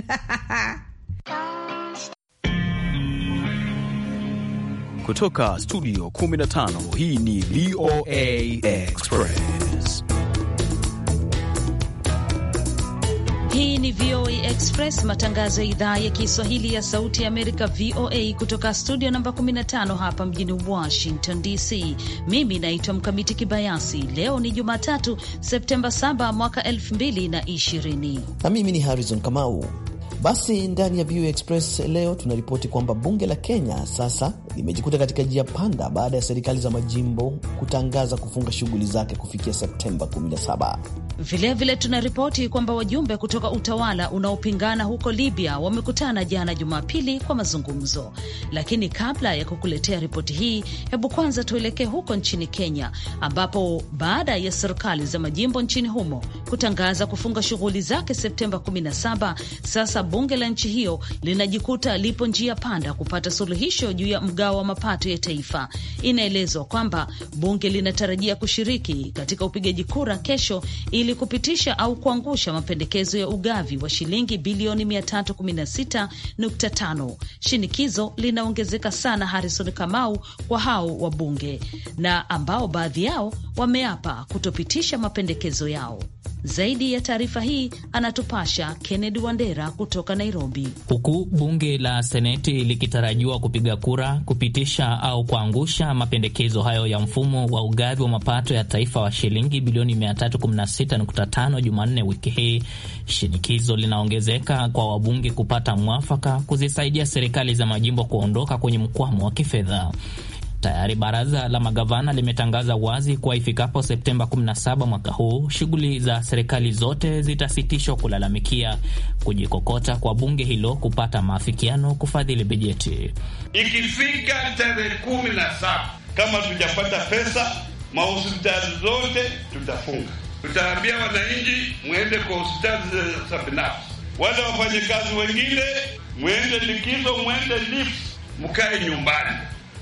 Kutoka studio 15 hii ni VOA Express. Hii ni VOA Express, matangazo ya idhaa ya Kiswahili ya Sauti ya Amerika, VOA, kutoka studio namba 15 hapa mjini Washington DC. Mimi naitwa Mkamiti Kibayasi. Leo ni Jumatatu, Septemba 7 mwaka 2020, na mimi ni Harrison Kamau. Basi ndani ya VOA Express leo tunaripoti kwamba bunge la Kenya sasa limejikuta katika njia panda baada ya serikali za majimbo kutangaza kufunga shughuli zake kufikia Septemba 17. Vilevile tuna ripoti kwamba wajumbe kutoka utawala unaopingana huko Libya wamekutana jana Jumapili kwa mazungumzo. Lakini kabla ya kukuletea ripoti hii, hebu kwanza tuelekee huko nchini Kenya, ambapo baada ya serikali za majimbo nchini humo kutangaza kufunga shughuli zake Septemba 17, sasa bunge la nchi hiyo linajikuta lipo njia panda kupata suluhisho juu ya mgao wa mapato ya taifa. Inaelezwa kwamba bunge linatarajia kushiriki katika upigaji kura kesho ili ili kupitisha au kuangusha mapendekezo ya ugavi wa shilingi bilioni 316.5. Shinikizo linaongezeka sana, Harrison Kamau, kwa hao wabunge na ambao baadhi yao wameapa kutopitisha mapendekezo yao. Zaidi ya taarifa hii anatupasha Kennedy Wandera kutoka Nairobi. Huku bunge la Seneti likitarajiwa kupiga kura kupitisha au kuangusha mapendekezo hayo ya mfumo wa ugavi wa mapato ya taifa wa shilingi bilioni 316.5 Jumanne wiki hii, shinikizo linaongezeka kwa wabunge kupata mwafaka kuzisaidia serikali za majimbo kuondoka kwenye mkwamo wa kifedha. Tayari baraza la magavana limetangaza wazi kuwa ifikapo Septemba 17 mwaka huu shughuli za serikali zote zitasitishwa, kulalamikia kujikokota kwa bunge hilo kupata maafikiano kufadhili bajeti. Ikifika tarehe 17 kama tujapata pesa, mahospitali zote tutafunga. Tutaambia wananchi mwende kwa hospitali za binafsi, wale wafanyakazi wengine mwende likizo, mwende lifts, mkae nyumbani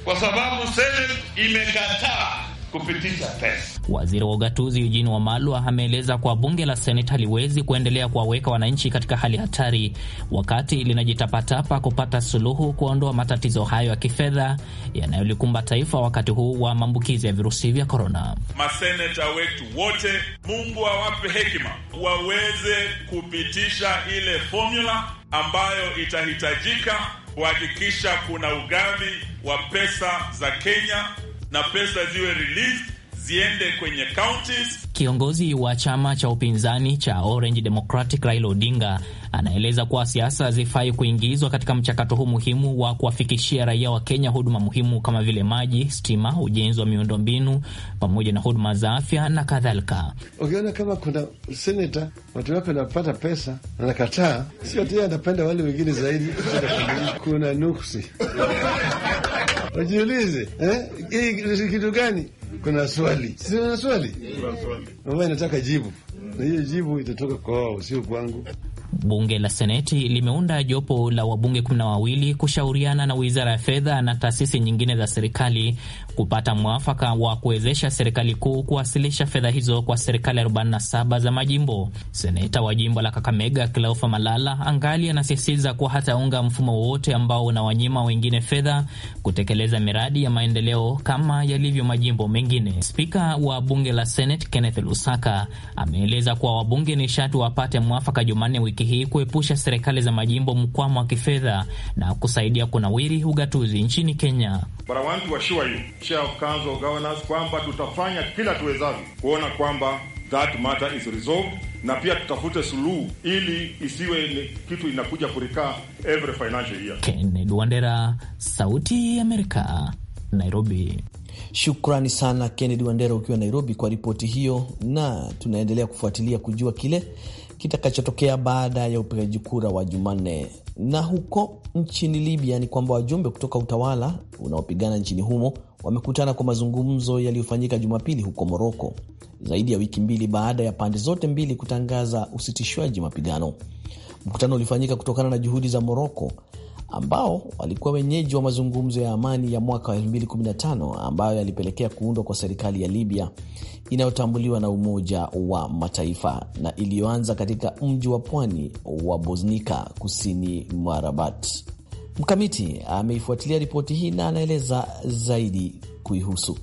kwa sababu Senate imekataa kupitisha pesa. Waziri wa ugatuzi Eugene Wamalwa ameeleza kuwa bunge la Seneti haliwezi kuendelea kuwaweka wananchi katika hali hatari wakati linajitapatapa kupata suluhu kuondoa matatizo hayo ya kifedha yanayolikumba taifa wakati huu wa maambukizi ya virusi vya korona. Maseneta wetu wote, Mungu awape wa hekima, waweze kupitisha ile fomula ambayo itahitajika kuhakikisha kuna ugavi wa pesa za Kenya na pesa ziwe released ziende kwenye counties Kiongozi wa chama cha upinzani cha Orange Democratic Raila Odinga anaeleza kuwa siasa hazifai kuingizwa katika mchakato huu muhimu wa kuwafikishia raia wa Kenya huduma muhimu kama vile maji, stima, ujenzi wa miundombinu pamoja na huduma za afya na kadhalika. Ukiona kama kuna seneta watu wake wanapata pesa anakataa, sio tena anapenda wale wengine zaidi. Kuna nuksi, wajiulize eh, kitu gani? kuna swali, sina swali ambayo inataka jibu, na hiyo jibu itatoka kwa wao, sio kwangu. Bunge la Seneti limeunda jopo la wabunge kumi na wawili kushauriana na wizara ya fedha na taasisi nyingine za serikali kupata mwafaka wa kuwezesha serikali kuu kuwasilisha fedha hizo kwa serikali 47 za majimbo. Seneta wa jimbo la Kakamega Cleofa Malala angali anasisitiza kuwa hataunga mfumo wowote ambao unawanyima wengine fedha kutekeleza miradi ya maendeleo kama yalivyo majimbo mengine. Spika wa bunge la Senate Kenneth Lusaka ameeleza kuwa wabunge ni sharti wapate mwafaka Jumanne wiki hii kuepusha serikali za majimbo mkwamo wa kifedha na kusaidia kunawiri ugatuzi nchini Kenya. But I want to assure you. Chair of Council of Governors kwamba tutafanya kila tuwezavyo kuona kwamba that matter is resolved na pia tutafute suluhu ili isiwe ni kitu inakuja kurikaa every financial year. Kennedy Wandera, Sauti ya Amerika, Nairobi. Shukrani sana Kennedy Wandera ukiwa Nairobi kwa ripoti hiyo, na tunaendelea kufuatilia kujua kile kitakachotokea baada ya upigaji kura wa Jumanne. Na huko nchini Libya ni kwamba wajumbe kutoka utawala unaopigana nchini humo wamekutana kwa mazungumzo yaliyofanyika Jumapili huko Moroko, zaidi ya wiki mbili baada ya pande zote mbili kutangaza usitishwaji mapigano. Mkutano ulifanyika kutokana na juhudi za Moroko ambao walikuwa wenyeji wa mazungumzo ya amani ya mwaka wa 2015 ambayo yalipelekea kuundwa kwa serikali ya Libya inayotambuliwa na Umoja wa Mataifa na iliyoanza katika mji wa pwani wa Bosnika kusini mwa Rabat. Mkamiti ameifuatilia ripoti hii na anaeleza zaidi kuihusu.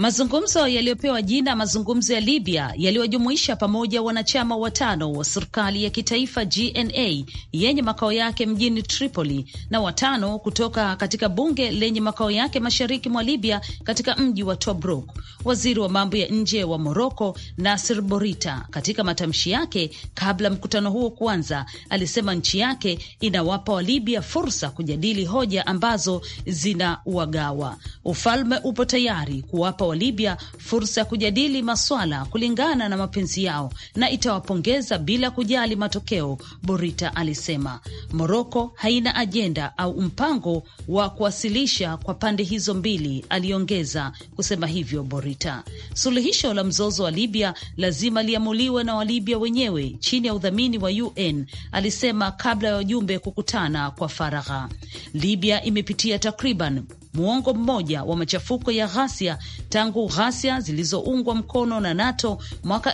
Mazungumzo yaliyopewa jina mazungumzo ya Libya yaliwajumuisha pamoja wanachama watano wa serikali ya kitaifa GNA yenye makao yake mjini Tripoli na watano kutoka katika bunge lenye makao yake mashariki mwa Libya katika mji wa Tobruk. Waziri wa mambo ya nje wa Moroko Nasir Borita, katika matamshi yake kabla mkutano huo kuanza, alisema nchi yake inawapa Walibya fursa kujadili hoja ambazo zinawagawa. Ufalme upo tayari kuwapa wa Libya fursa ya kujadili maswala kulingana na mapenzi yao na itawapongeza bila kujali matokeo, Borita alisema. Moroko haina ajenda au mpango wa kuwasilisha kwa pande hizo mbili, aliongeza kusema hivyo Borita. Suluhisho la mzozo wa Libya lazima liamuliwe na Walibya wenyewe chini ya udhamini wa UN, alisema kabla ya wajumbe kukutana kwa faragha. Libya imepitia takriban muongo mmoja wa machafuko ya ghasia tangu ghasia zilizoungwa mkono na NATO mwaka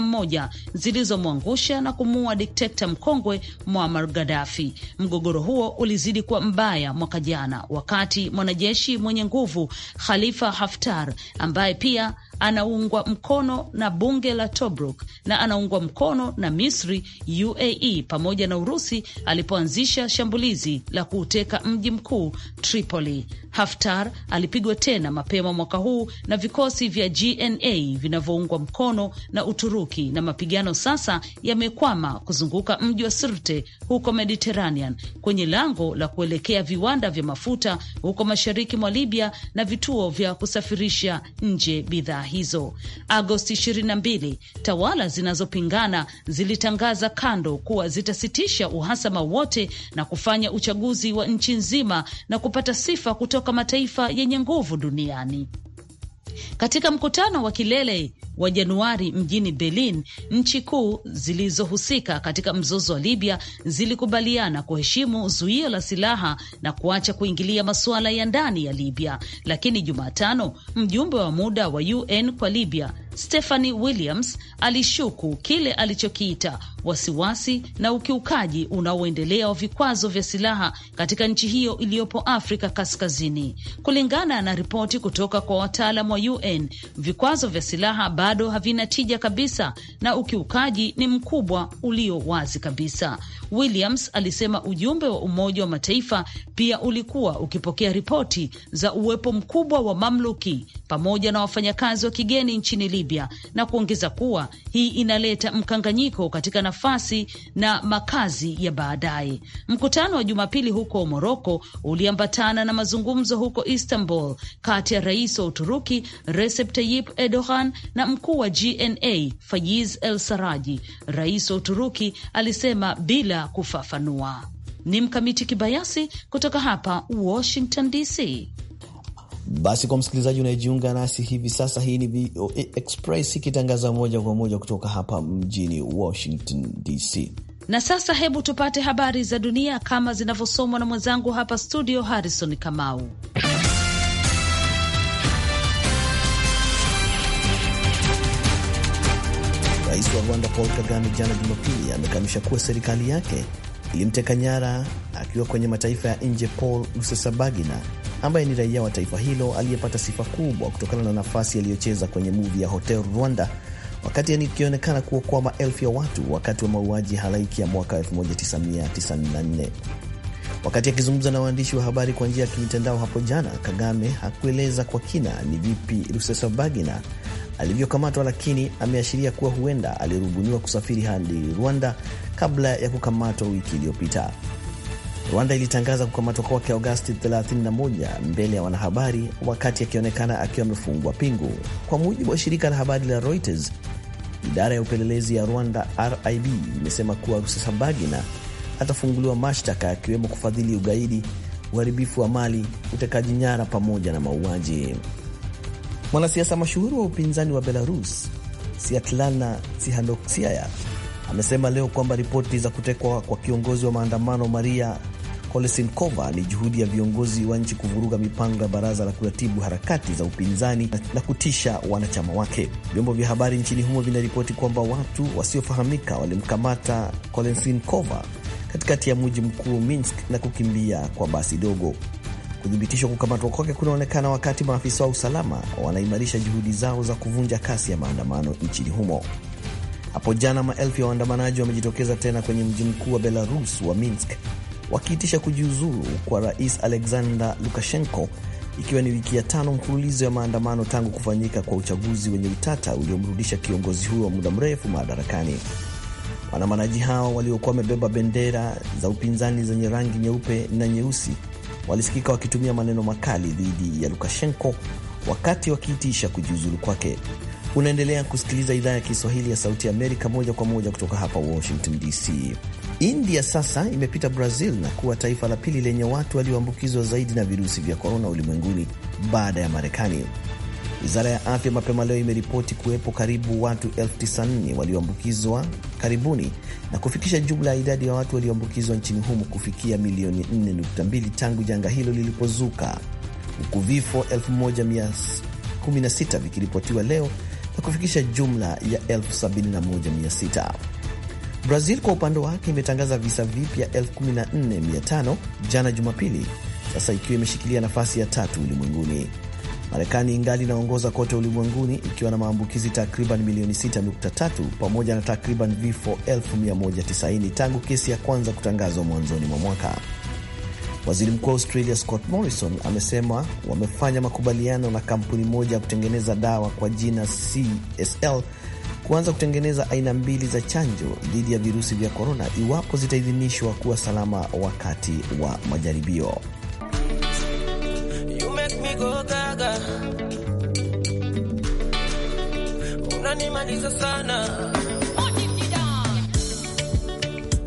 moja zilizomwangusha na kumuua dikteta mkongwe Muammar Gaddafi. Mgogoro huo ulizidi kuwa mbaya mwaka jana wakati mwanajeshi mwenye nguvu Khalifa Haftar ambaye pia anaungwa mkono na bunge la Tobruk na anaungwa mkono na Misri, UAE pamoja na Urusi alipoanzisha shambulizi la kuuteka mji mkuu Tripoli. Haftar alipigwa tena mapema mwaka huu na vikosi vya GNA vinavyoungwa mkono na Uturuki, na mapigano sasa yamekwama kuzunguka mji wa Sirte huko Mediterranean, kwenye lango la kuelekea viwanda vya mafuta huko mashariki mwa Libya na vituo vya kusafirisha nje bidhaa hizo. Agosti 22, tawala zinazopingana zilitangaza kando kuwa zitasitisha uhasama wote na kufanya uchaguzi wa nchi nzima na kupata sifa kutoka mataifa yenye nguvu duniani. Katika mkutano wa kilele wa Januari mjini Berlin, nchi kuu zilizohusika katika mzozo wa Libya zilikubaliana kuheshimu zuio la silaha na kuacha kuingilia masuala ya ndani ya Libya. Lakini Jumatano, mjumbe wa muda wa UN kwa Libya Stephanie Williams alishuku kile alichokiita wasiwasi na ukiukaji unaoendelea wa vikwazo vya silaha katika nchi hiyo iliyopo Afrika Kaskazini. Kulingana na ripoti kutoka kwa wataalam wa UN, vikwazo vya silaha bado havina tija kabisa na ukiukaji ni mkubwa ulio wazi kabisa. Williams alisema ujumbe wa Umoja wa Mataifa pia ulikuwa ukipokea ripoti za uwepo mkubwa wa mamluki pamoja na wafanyakazi wa kigeni nchini Libya na kuongeza kuwa hii inaleta mkanganyiko katika nafasi na makazi ya baadaye. Mkutano wa Jumapili huko Moroko uliambatana na mazungumzo huko Istanbul kati ya rais wa Uturuki Recep Tayyip Erdogan na mkuu wa GNA Fayiz El Saraji, rais wa Uturuki alisema bila kufafanua. Ni mkamiti kibayasi kutoka hapa Washington DC. Basi kwa msikilizaji unayejiunga nasi hivi sasa, hii ni VOA Express ikitangaza moja kwa moja kutoka hapa mjini Washington DC. Na sasa hebu tupate habari za dunia kama zinavyosomwa na mwenzangu hapa studio, Harrison Kamau. Rais wa Rwanda Paul Kagame jana Jumapili amekanusha kuwa serikali yake ilimteka nyara akiwa kwenye mataifa ya nje Paul Rusesabagina ambaye ni raia wa taifa hilo aliyepata sifa kubwa kutokana na nafasi aliyocheza kwenye muvi ya Hotel Rwanda, wakati ikionekana kuokoa maelfu ya watu wakati wa mauaji halaiki ya mwaka 1994. Wakati akizungumza na waandishi wa habari kwa njia ya kimitandao hapo jana, Kagame hakueleza kwa kina ni vipi Rusesabagina alivyokamatwa, lakini ameashiria kuwa huenda alirubuniwa kusafiri hadi Rwanda kabla ya kukamatwa wiki iliyopita. Rwanda ilitangaza kukamatwa kwake Agosti 31 mbele ya wanahabari, wakati akionekana akiwa amefungwa pingu. Kwa mujibu wa shirika la habari la Reuters, idara ya upelelezi ya Rwanda RIB imesema kuwa Rusesabagina atafunguliwa mashtaka akiwemo kufadhili ugaidi, uharibifu wa mali, utekaji nyara pamoja na mauaji. Mwanasiasa mashuhuri wa upinzani wa Belarus siatlana tsihanoksiaya amesema leo kwamba ripoti za kutekwa kwa kiongozi wa maandamano Maria kolesinkova ni juhudi ya viongozi wa nchi kuvuruga mipango ya baraza la kuratibu harakati za upinzani na kutisha wanachama wake. Vyombo vya habari nchini humo vinaripoti kwamba watu wasiofahamika walimkamata kolesinkova katikati ya mji mkuu Minsk na kukimbia kwa basi dogo. Kuthibitishwa kukamatwa kwake kunaonekana wakati maafisa wa usalama wanaimarisha juhudi zao za kuvunja kasi ya maandamano nchini humo. Hapo jana maelfu ya waandamanaji wamejitokeza tena kwenye mji mkuu wa Belarus wa Minsk wakiitisha kujiuzuru kwa rais Alexander Lukashenko, ikiwa ni wiki ya tano mfululizo ya maandamano tangu kufanyika kwa uchaguzi wenye utata uliomrudisha kiongozi huyo wa muda mrefu madarakani. Waandamanaji hao waliokuwa wamebeba bendera za upinzani zenye rangi nyeupe na nyeusi walisikika wakitumia maneno makali dhidi ya Lukashenko wakati wakiitisha kujiuzulu kwake. Unaendelea kusikiliza idhaa ya Kiswahili ya Sauti ya Amerika moja kwa moja kutoka hapa Washington DC. India sasa imepita Brazil na kuwa taifa la pili lenye watu walioambukizwa zaidi na virusi vya korona ulimwenguni baada ya Marekani. Wizara ya afya mapema leo imeripoti kuwepo karibu watu elfu walioambukizwa karibuni na kufikisha jumla ya idadi ya watu walioambukizwa nchini humo kufikia milioni 4.2 tangu janga hilo lilipozuka, huku vifo 1116 vikiripotiwa leo na kufikisha jumla ya 71600. Brazil kwa upande wake imetangaza visa vipya 14500 jana Jumapili, sasa ikiwa imeshikilia nafasi ya tatu ulimwenguni. Marekani ingali inaongoza kote ulimwenguni ikiwa na maambukizi takriban milioni 6.3 pamoja na takriban vifo 190 tangu kesi ya kwanza kutangazwa mwanzoni mwa mwaka. Waziri Mkuu wa Australia Scott Morrison amesema wamefanya makubaliano na kampuni moja ya kutengeneza dawa kwa jina CSL kuanza kutengeneza aina mbili za chanjo dhidi ya virusi vya korona iwapo zitaidhinishwa kuwa salama wakati wa majaribio. inanifananisha sana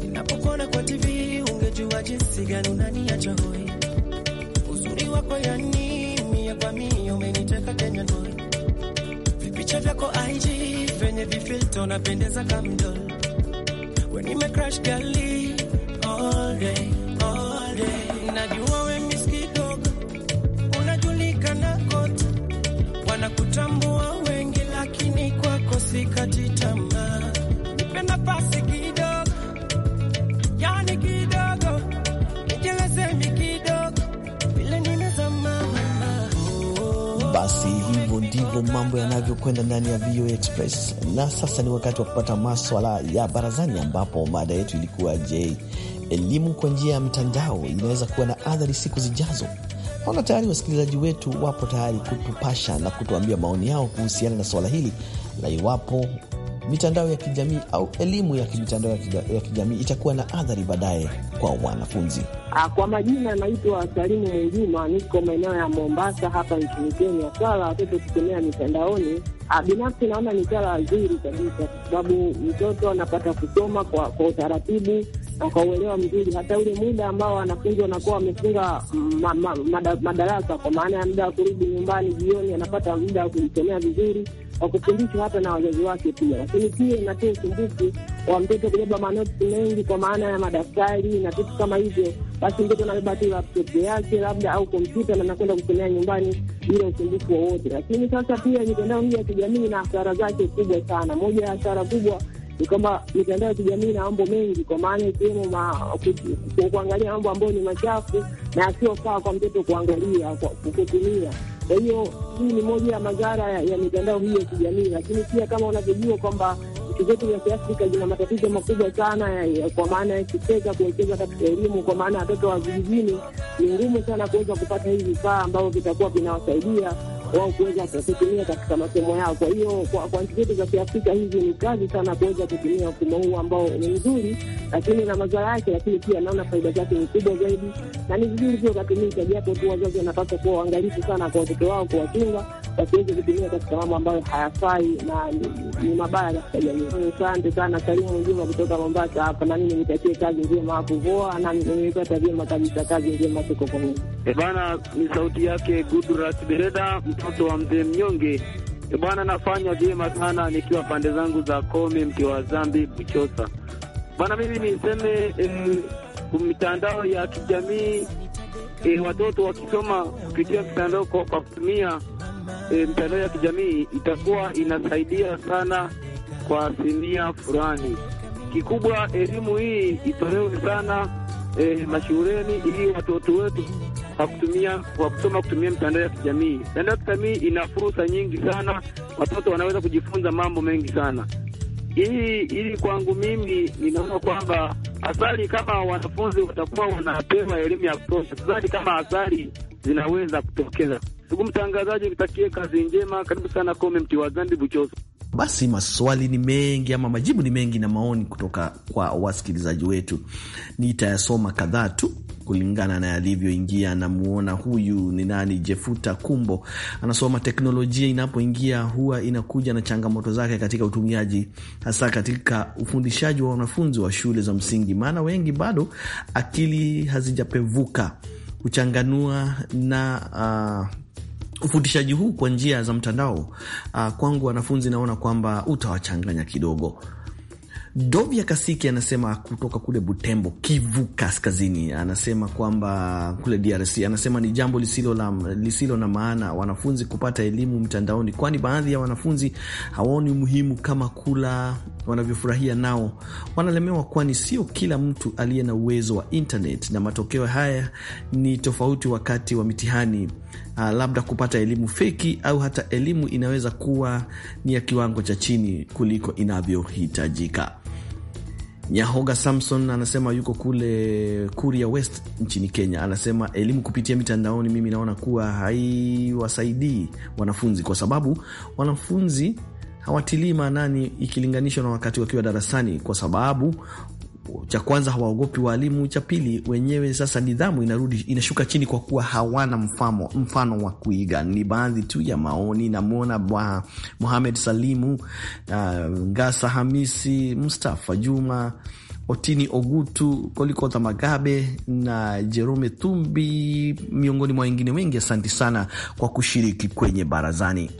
inapokuona kwa TV, ungejua jinsi gani unaniacha hoi. Uzuri wako yani mia kwa mia umeniteka Kenya ndoi. Vipicha vyako IG venye vifilto napendeza kamdol. When you make crush girl all day all day, najua tamaa, nipe nafasi kidogo, yani kidogo, kidogo vile nimezama. Basi hivyo ndivyo mambo yanavyokwenda ndani ya VOA Express, na sasa ni wakati wa kupata maswala ya barazani, ambapo mada yetu ilikuwa je, elimu kwa njia ya mtandao inaweza kuwa na athari siku zijazo? Naona tayari wasikilizaji wetu wapo tayari kutupasha na kutuambia maoni yao kuhusiana na swala hili na iwapo mitandao ya kijamii au elimu ya mitandao ya kijamii itakuwa na athari baadaye kwa wanafunzi. Ah, kwa majina anaitwa Salimu Mwenjuma, niko maeneo ya Mombasa hapa nchini Kenya. Swala la watoto kusomea mitandaoni, ah, binafsi naona ni swala zuri kabisa, kwa sababu mtoto anapata kusoma kwa, kwa utaratibu na kwa uelewa mzuri, hata ule muda ambao wanafunzi wanakuwa wamefunga mm, ma, ma, madarasa, kwa maana ya muda wa kurudi nyumbani jioni, anapata muda wa kujisomea vizuri wakufundishwa hata na wazazi wake pia, lakini pia inatoa usumbufu wa mtoto kubeba manoti mengi, kwa maana ya madaftari na vitu kama hivyo. Basi mtoto anabeba tu laptop yake labda au kompyuta na nakwenda kusomea nyumbani bila usumbufu wowote. Lakini sasa pia mitandao hii ya kijamii na hasara zake kubwa sana. Moja ya hasara kubwa ni kwamba mitandao ya kijamii na mambo mengi, kwa maana ikiwemo kuangalia mambo ambayo ni machafu na yasiyofaa kwa mtoto kuangalia, kutumia kwa hiyo hii ni moja ya madhara ya mitandao hii ya kijamii, lakini pia kama unavyojua kwamba nchi zetu za Kiafrika zina matatizo makubwa sana kwa maana ya kifedha, kuwekeza katika elimu, kwa maana watoto wa vijijini ni ngumu sana kuweza kupata hii vifaa ambavyo vitakuwa vinawasaidia wao kuweza kutumia katika masomo yao. Kwa hiyo kwa nchi zetu za Kiafrika hizi ni kazi sana kuweza kutumia mfumo huu ambao ni mzuri, lakini na madhara yake, lakini pia naona faida zake ni kubwa zaidi, na ni vizuri pia ukatumika, japo tu wazazi wanapaswa kuwa waangalifu sana kwa watoto wao, kuwachunga wasiweze kutumia katika mambo ambayo hayafai na ni mabaya katika jamii. Asante sana, Salimu Mjuma kutoka Mombasa hapa, na mimi nitakie kazi njema hapo VOA, na nimepata vyema kabisa kazi njema, tuko pamoja ebana ni sauti yake Gudrat Bereda, mtoto wa mzee mnyonge. Ebwana, nafanya vyema sana nikiwa pande zangu za Kome, mke wa zambi Buchosa. Bwana, mimi niseme e, mitandao ya kijamii eh, watoto wakisoma kupitia mitandao kwa kutumia eh, mitandao ya kijamii itakuwa inasaidia sana kwa asilimia fulani kikubwa. Elimu hii itolewe sana eh, mashuleni ili watoto wetu kwa kutumia kwa kusoma kutumia mitandao ya kijamii. Mitandao ya kijamii ina fursa nyingi sana, watoto wanaweza kujifunza mambo mengi sana. Hii ili kwangu mimi ninaona kwamba asali, kama wanafunzi watakuwa wanapewa elimu ya kutosha, sidhani kama asali zinaweza kutokeza. Ndugu mtangazaji, nitakie kazi njema, karibu sana Kome Mti wa Zambi Buchoso. Basi maswali ni mengi ama majibu ni mengi na maoni kutoka kwa wasikilizaji wetu, nitayasoma kadhaa tu kulingana na yalivyoingia. Namuona huyu ni nani, Jefuta Kumbo anasoma, teknolojia inapoingia huwa inakuja na changamoto zake katika utumiaji, hasa katika ufundishaji wa wanafunzi wa shule za msingi, maana wengi bado akili hazijapevuka kuchanganua na uh, ufundishaji huu kwa njia za mtandao uh, kwangu wanafunzi naona kwamba utawachanganya kidogo. Dovya Kasiki anasema kutoka kule Butembo, Kivu Kaskazini, anasema kwamba kule DRC, anasema ni jambo lisilo, la, lisilo na maana wanafunzi kupata elimu mtandaoni, kwani baadhi ya wanafunzi hawaoni umuhimu kama kula wanavyofurahia, nao wanalemewa, kwani sio kila mtu aliye na uwezo wa internet, na matokeo haya ni tofauti wakati wa mitihani uh, labda kupata elimu feki au hata elimu inaweza kuwa ni ya kiwango cha chini kuliko inavyohitajika. Nyahoga Samson anasema yuko kule Kuria West nchini Kenya. Anasema elimu kupitia mitandaoni, mimi naona kuwa haiwasaidii wanafunzi kwa sababu wanafunzi hawatilii maanani ikilinganishwa na wakati wakiwa darasani, kwa sababu cha kwanza hawaogopi waalimu, cha pili wenyewe sasa nidhamu inarudi inashuka chini kwa kuwa hawana mfamo, mfano wa kuiga. Ni baadhi tu ya maoni namwona Bwana Mohamed Salimu, uh, Hamisi, Mustafa Juma Otini Ogutu, Kolikota Magabe na Jerome Tumbi, miongoni mwa wengine wengi. Asante sana kwa kushiriki kwenye barazani.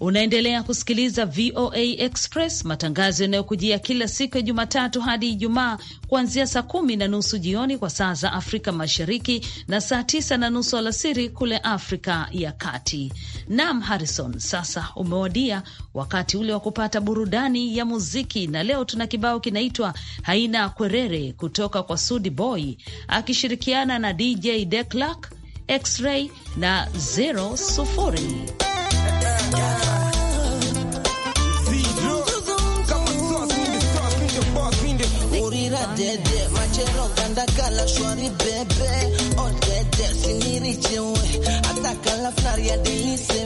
Unaendelea kusikiliza VOA Express, matangazo yanayokujia kila siku ya Jumatatu hadi Ijumaa kuanzia saa kumi na nusu jioni kwa saa za Afrika Mashariki na saa tisa na nusu alasiri kule Afrika ya Kati. Nam Harrison, sasa umewadia wakati ule wa kupata burudani ya muziki, na leo tuna kibao kinaitwa Haina Kwerere kutoka kwa Sudi Boy akishirikiana na DJ Declark, X-Ray na Zero Sufuri. dede machero gandakala shwari bebe odede oh, sinirichewe atakala flari ya delise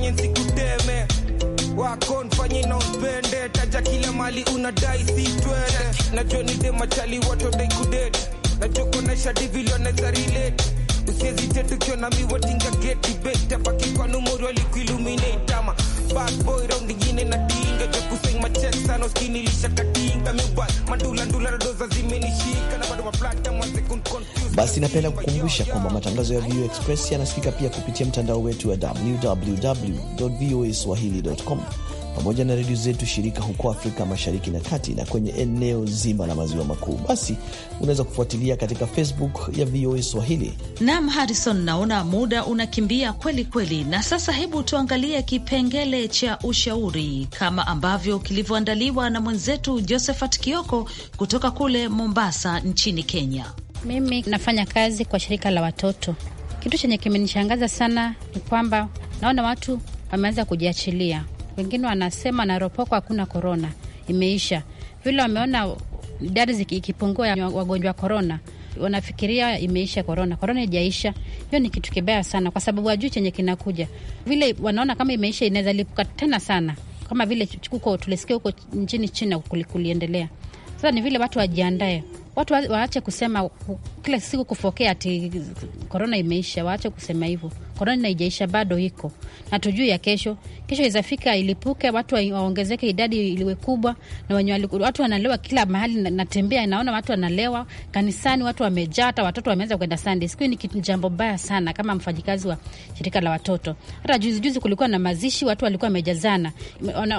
nifanye nisikuteme wako nifanye na uspende taja kila mali unadai sitwene najua nide machali watodai kudeti najua kuonesha divili wanaweza relate usiezitetukiwa nami watinga geti beta pakipanumuri walikuiluminate ama bad boy Backboy raundi ingine na kinga cha kusing machek sana uskini lisha kakinga miwa mandula ndula na doza zimenishika na bado maplata mwanze second confused. Basi napenda kukumbusha kwamba matangazo ya VOA Express yanasikika pia kupitia mtandao wetu wa www.voaswahili.com pamoja na redio zetu shirika huko Afrika Mashariki na Kati na kwenye eneo zima la Maziwa Makuu. Basi unaweza kufuatilia katika Facebook ya VOA Swahili. Nam Harrison, naona muda unakimbia kweli kweli, na sasa hebu tuangalie kipengele cha ushauri kama ambavyo kilivyoandaliwa na mwenzetu Josephat Kioko kutoka kule Mombasa nchini Kenya. Mimi nafanya kazi kwa shirika la watoto. Kitu chenye kimenishangaza sana ni kwamba naona watu wameanza kujiachilia wengine wanasema Naropoko hakuna korona, imeisha. Vile wameona idadi ikipungua ya wagonjwa korona wanafikiria imeisha korona. Korona ijaisha. Hiyo ni kitu kibaya sana, kwa sababu wajui chenye kinakuja. Vile wanaona kama imeisha, inaweza lipuka tena sana, kama vile huko tulisikia huko nchini China kuliendelea. Sasa ni vile watu wajiandae, watu waache kusema kila siku kufokea ati korona imeisha. Waache kusema hivyo, korona ijaisha, bado iko na tujui ya kesho kesho inaweza fika ilipuke, watu waongezeke, idadi iliwe kubwa, na wenye watu wanalewa kila mahali. Natembea naona watu wanalewa, kanisani watu wamejaa, hata watoto wameanza kwenda Sunday school. Ni kitu jambo baya sana, kama mfanyikazi wa shirika la watoto. Hata juzi juzi kulikuwa na mazishi, watu walikuwa wamejazana.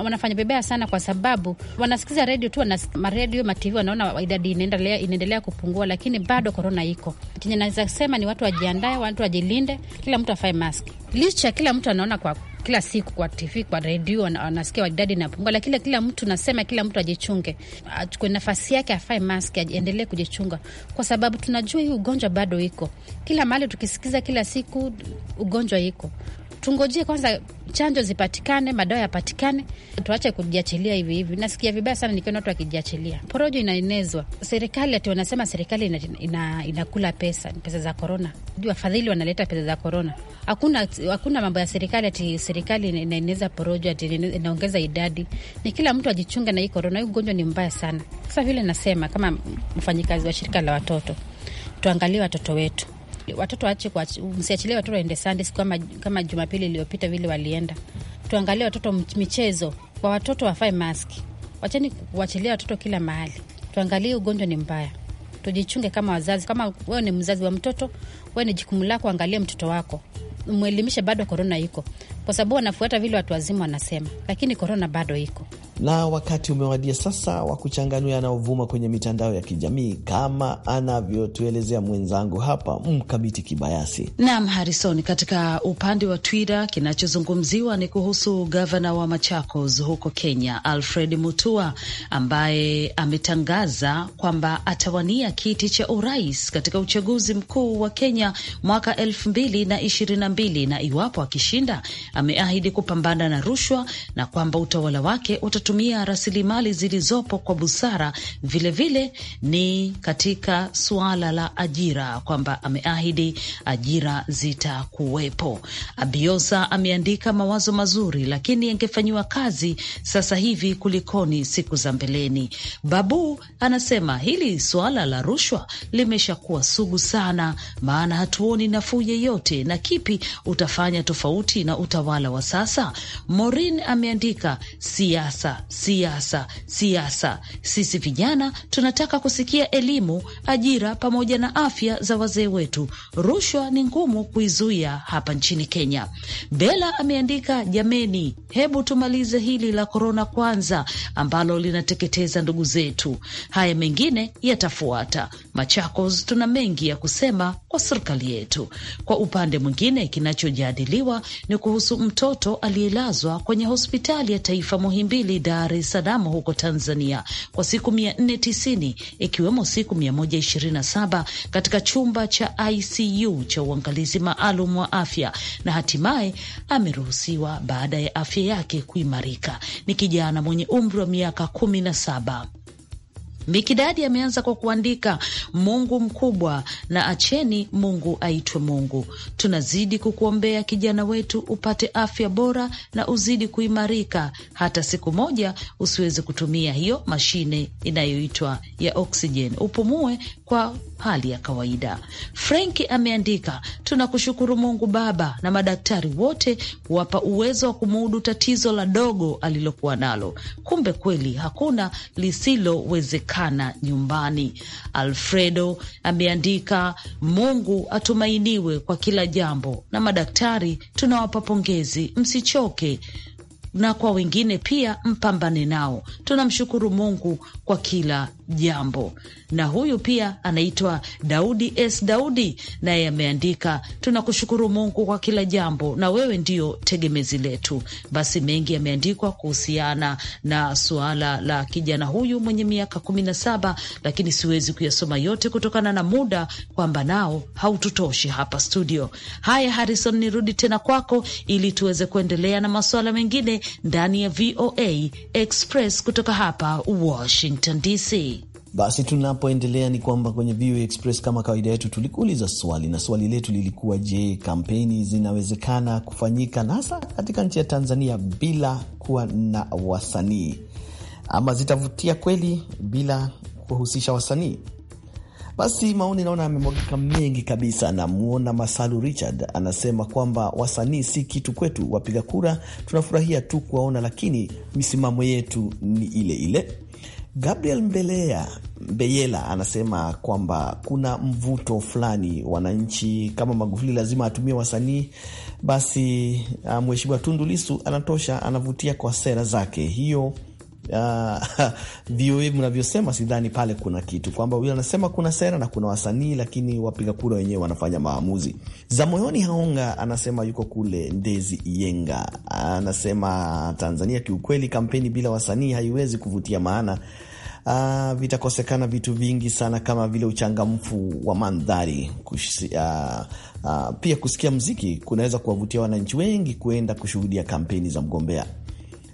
Wanafanya vibaya sana, kwa sababu wanasikiza redio tu, wana maredio mativi, wanaona idadi inaendelea inaendelea kupungua, lakini bado korona iko. Chenye naweza sema ni watu wajiandae, watu wajilinde, kila mtu afae mask, licha kila mtu anaona kwa kila siku kwa TV, kwa redio wanasikia idadi inapungua, lakini kila mtu nasema, kila mtu ajichunge, achukue nafasi yake, afae maski, aendelee kujichunga, kwa sababu tunajua hii ugonjwa bado iko kila mahali, tukisikiza kila siku ugonjwa iko tungojee kwanza chanjo zipatikane, madawa yapatikane, tuache kujiachilia hivi hivi. Nasikia vibaya sana nikiona watu wakijiachilia. Porojo inaenezwa serikali, ati wanasema serikali ina, ina, inakula pesa, pesa za korona. Wafadhili wanaleta pesa za korona. Hakuna, hakuna mambo ya serikali ati serikali inaeneza porojo, ati inaongeza idadi. Ni kila mtu ajichunga na hii korona. Hii ugonjwa ni mbaya sana. Sasa vile nasema kama mfanyikazi wa shirika la watoto, tuangalie watoto wetu watoto waache, msiachilie watoto waende Sunday kama, kama Jumapili iliyopita vile walienda. Tuangalie watoto michezo, kwa watoto wafae maski, wacheni kuachilia watoto kila mahali. Tuangalie ugonjwa ni mbaya, tujichunge kama wazazi. Kama wewe ni mzazi wa mtoto, wewe ni jukumu lako, angalie mtoto wako, mwelimishe. Bado korona iko, kwa sababu wanafuata vile watu wazima wanasema, lakini korona bado iko na wakati umewadia sasa wa kuchanganua yanayovuma kwenye mitandao ya kijamii kama anavyotuelezea mwenzangu hapa Mkamiti Kibayasi. Naam, Harison, katika upande wa Twitter kinachozungumziwa ni kuhusu gavana wa Machakos huko Kenya, Alfred Mutua, ambaye ametangaza kwamba atawania kiti cha urais katika uchaguzi mkuu wa Kenya mwaka elfu mbili na ishirini na mbili na iwapo akishinda, ameahidi kupambana na rushwa na kwamba utawala wake utatu kutumia rasilimali zilizopo kwa busara. Vilevile vile ni katika suala la ajira, kwamba ameahidi ajira zitakuwepo. Abiosa ameandika mawazo mazuri, lakini yangefanyiwa kazi sasa hivi kulikoni siku za mbeleni. Babu anasema hili suala la rushwa limeshakuwa sugu sana, maana hatuoni nafuu yeyote, na kipi utafanya tofauti na utawala wa sasa? Morin ameandika siasa siasa, siasa. Sisi vijana tunataka kusikia elimu, ajira pamoja na afya za wazee wetu. Rushwa ni ngumu kuizuia hapa nchini Kenya. Bela ameandika, jameni, hebu tumalize hili la korona kwanza, ambalo linateketeza ndugu zetu. Haya mengine yatafuata. Machakos, tuna mengi ya kusema kwa serikali yetu. Kwa upande mwingine, kinachojadiliwa ni kuhusu mtoto aliyelazwa kwenye hospitali ya taifa Muhimbili Dar es Salaam huko Tanzania kwa siku mia ikiwemo siku 127 katika chumba cha ICU cha uangalizi maalum wa afya na hatimaye ameruhusiwa baada ya afya yake kuimarika. Ni kijana mwenye umri wa miaka kumi na saba. Mikidadi ameanza kwa kuandika Mungu mkubwa na acheni Mungu aitwe Mungu. Tunazidi kukuombea kijana wetu, upate afya bora na uzidi kuimarika, hata siku moja usiweze kutumia hiyo mashine inayoitwa ya oksijeni, upumue kwa hali ya kawaida. Frenki ameandika tunakushukuru Mungu Baba na madaktari wote kuwapa uwezo wa kumudu tatizo la dogo alilokuwa nalo. Kumbe kweli hakuna lisilowezekana kuonekana nyumbani. Alfredo ameandika, Mungu atumainiwe kwa kila jambo, na madaktari tunawapa pongezi, msichoke na kwa wengine pia mpambane nao. Tunamshukuru Mungu kwa kila jambo. Na huyu pia anaitwa Daudi S Daudi, naye ameandika tunakushukuru Mungu kwa kila jambo, na wewe ndio tegemezi letu. Basi mengi yameandikwa kuhusiana na suala la kijana huyu mwenye miaka kumi na saba, lakini siwezi kuyasoma yote kutokana na muda, kwamba nao haututoshi hapa studio. Haya, harison nirudi tena kwako ili tuweze kuendelea na masuala mengine ndani ya VOA Express kutoka hapa Washington DC. Basi tunapoendelea ni kwamba kwenye VOA Express kama kawaida yetu tulikuuliza swali, na swali letu lilikuwa je, kampeni zinawezekana kufanyika nasa katika nchi ya Tanzania bila kuwa na wasanii, ama zitavutia kweli bila kuwahusisha wasanii? Basi maoni naona yamemwagika mengi kabisa. Namwona Masalu Richard anasema kwamba wasanii si kitu kwetu, wapiga kura tunafurahia tu kuwaona, lakini misimamo yetu ni ile ile. Gabriel Mbelea Mbeyela anasema kwamba kuna mvuto fulani wananchi, kama Magufuli lazima atumie wasanii, basi ah, mheshimiwa Tundu Lisu anatosha, anavutia kwa sera zake, hiyo VOA uh, mnavyosema, sidhani pale kuna kitu kwamba huyo anasema kuna sera na kuna wasanii, lakini wapiga kura wenyewe wanafanya maamuzi. za moyoni Haonga anasema yuko kule Ndezi Yenga, anasema Tanzania kiukweli, kampeni bila wasanii haiwezi kuvutia, maana uh, vitakosekana vitu vingi sana kama vile uchangamfu wa mandhari uh, uh, pia kusikia mziki kunaweza kuwavutia wananchi wengi kuenda kushuhudia kampeni za mgombea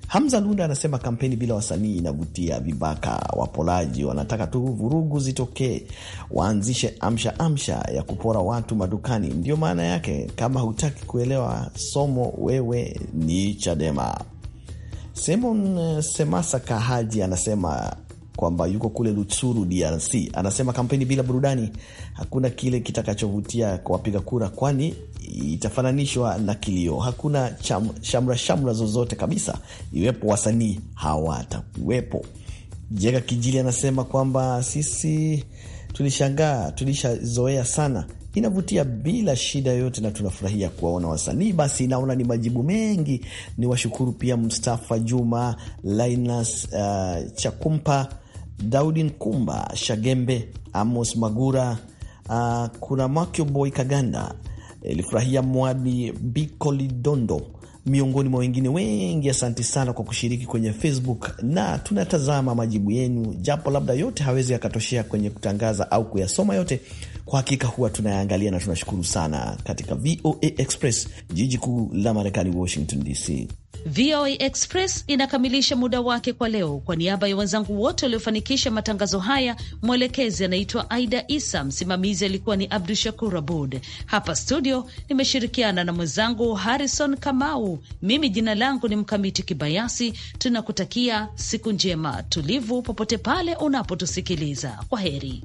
Hamza Lunda anasema kampeni bila wasanii inavutia vibaka. Wapolaji wanataka tu vurugu zitokee, waanzishe amsha amsha ya kupora watu madukani. Ndiyo maana yake. Kama hutaki kuelewa somo, wewe ni Chadema. Simon eh, Semasa Kahaji anasema kwamba yuko kule Lutsuru, DRC. Anasema kampeni bila burudani hakuna kile kitakachovutia kwa wapiga kura, kwani itafananishwa na kilio. Hakuna cham, shamra shamra zozote kabisa, iwepo wasanii hawatakuwepo. Jega Kijili anasema kwamba sisi tulishangaa, tulishazoea sana inavutia bila shida yoyote, na tunafurahia kuwaona wasanii. Basi naona ni majibu mengi, ni washukuru pia Mustafa Juma Linus, uh, Chakumpa Daudi Nkumba Shagembe, Amos Magura, uh, kuna Makyo Boy Kaganda, Elifurahia Mwadi Bikolidondo, miongoni mwa wengine wengi. Asante sana kwa kushiriki kwenye Facebook na tunatazama majibu yenu, japo labda yote hawezi yakatoshea kwenye kutangaza au kuyasoma yote. Kwa hakika huwa tunayaangalia na tunashukuru sana katika VOA Express, jiji kuu la Marekani, Washington DC. VOA Express inakamilisha muda wake kwa leo. Kwa niaba ya wenzangu wote waliofanikisha matangazo haya, mwelekezi anaitwa Aida Isa, msimamizi alikuwa ni Abdu Shakur Abud. Hapa studio nimeshirikiana na mwenzangu Harrison Kamau. Mimi jina langu ni Mkamiti Kibayasi. Tunakutakia siku njema tulivu, popote pale unapotusikiliza. Kwa heri.